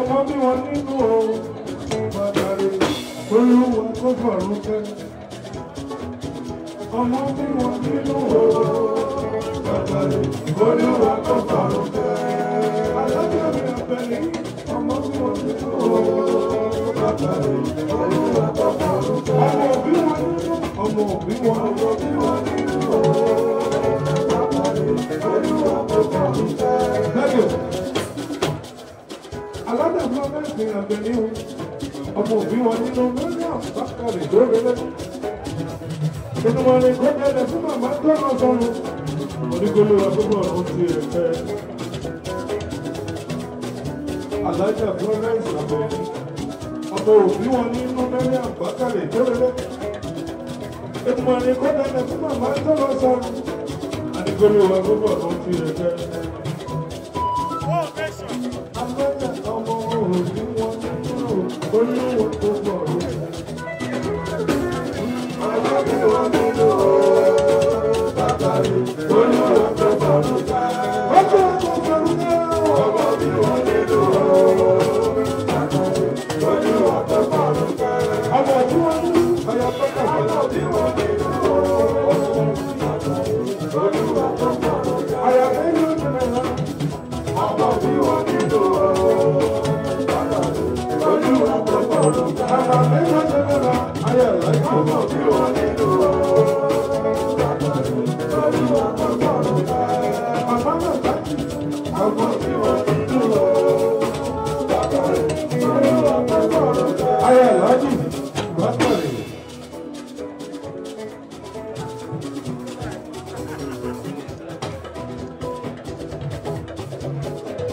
ọmọ bí wọn nínú o kí n bá darí olúwa tó fọ̀rùn kẹ́. ọmọ bí wọn nínú o kí n bá darí olúwa tó fọ̀rùn kẹ́. alábíyá mi àbẹ̀lẹ̀ ọmọ bí wọn nínú o kí n bá darí olúwa tó fọ̀rùn kẹ́. ọmọ òbí wọn ọmọ òbí wọn. wọ nínú mílíọ̀n bákàrẹ̀ lórẹ́lẹ́. Inú wọn ni kó dẹ́lẹ̀ fún màmá tọ́nà sọ́run. Onígbóló wa gbogbo ọ̀run ti rẹ̀ fẹ́. Alájà Florence Abẹ́ni. Ọmọ òbí wọn nínú mílíọ̀n bákàrẹ̀ lórẹ́lẹ́. Inú wọn ni kó dẹ́lẹ̀ fún màmá tọ́nà sọ́run. Onígbóló wa gbogbo ọ̀run ti rẹ̀ fẹ́. olúwo tó bọ̀ rẹ̀. ọlọ́dún ọdún ló bàbá mi.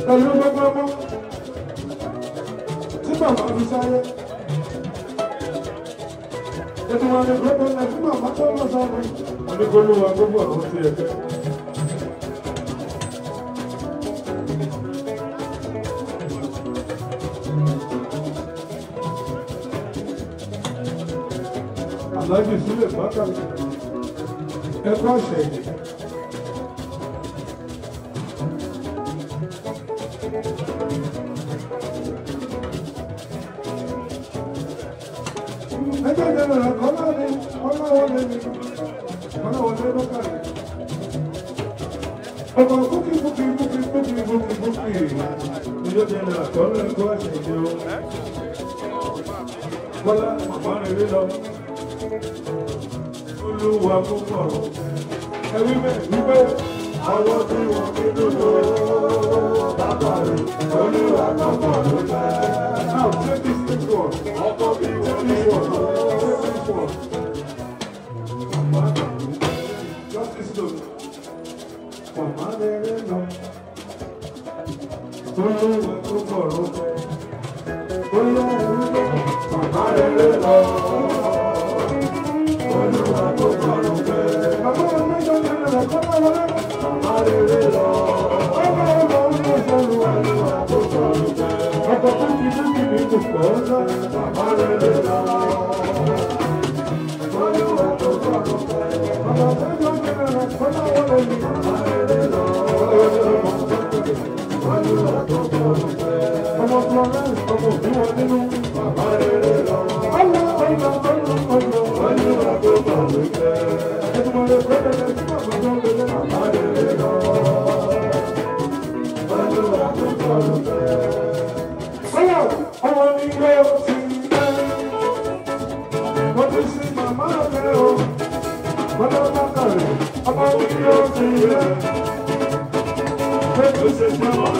pẹ̀lú gbogbo ọmọ tí màmá fi sáyé. Ètò wọn ni gbogbo ẹ̀ tí màmá tó lọ sọ́run. Àbí gbogbo wa gbogbo àwọn tí ẹ fẹ́. Àlájì sílẹ̀ bákan ẹ̀kọ́ àṣẹ̀yìn. ẹjọ́ ìjọba rẹ̀ kọ́lá ni kọ́lá wọlé ni kọ́lá wọlé ló kàrí. ọkọ̀ kúkì kúkì kúkì kúkì kúkì kúkì ìjọ ìjọba rẹ̀ kọ́lá ẹ̀kọ́ ẹ̀sìn ìjọ. kọ́lá màmá rẹ̀ rí lọ olúwa púpọ̀ ẹ wípé wípé àwọn tí wọ́n kéde. kọ̀mọ́lẹ́rẹ́ lọ. Olówó tó bọ̀rọ̀ bẹ̀. Olówó tó kọ̀mọ́lẹ́rẹ́ lọ. Olówó tó bọ̀rọ̀ bẹ̀. Bàbá wa ní ìjọba ìrìnàjò kọ̀mọ́lẹ́rẹ́ lọ. Bàbá wa lọ sí ìṣòro àlùwà tó bọ̀rọ̀ bẹ̀. Ọkọ̀ tó ti dúkìá ní kòkòrò náà. Kọ̀mọ́lẹ́rẹ́ lọ. Lord.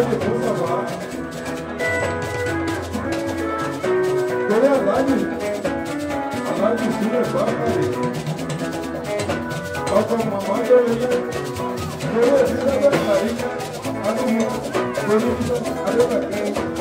verdade, eu vou falar. Cadê a live? A live do Sul é bárbara. Passa uma margarina. Pelo Brasil da A Todo mundo. a da carinha?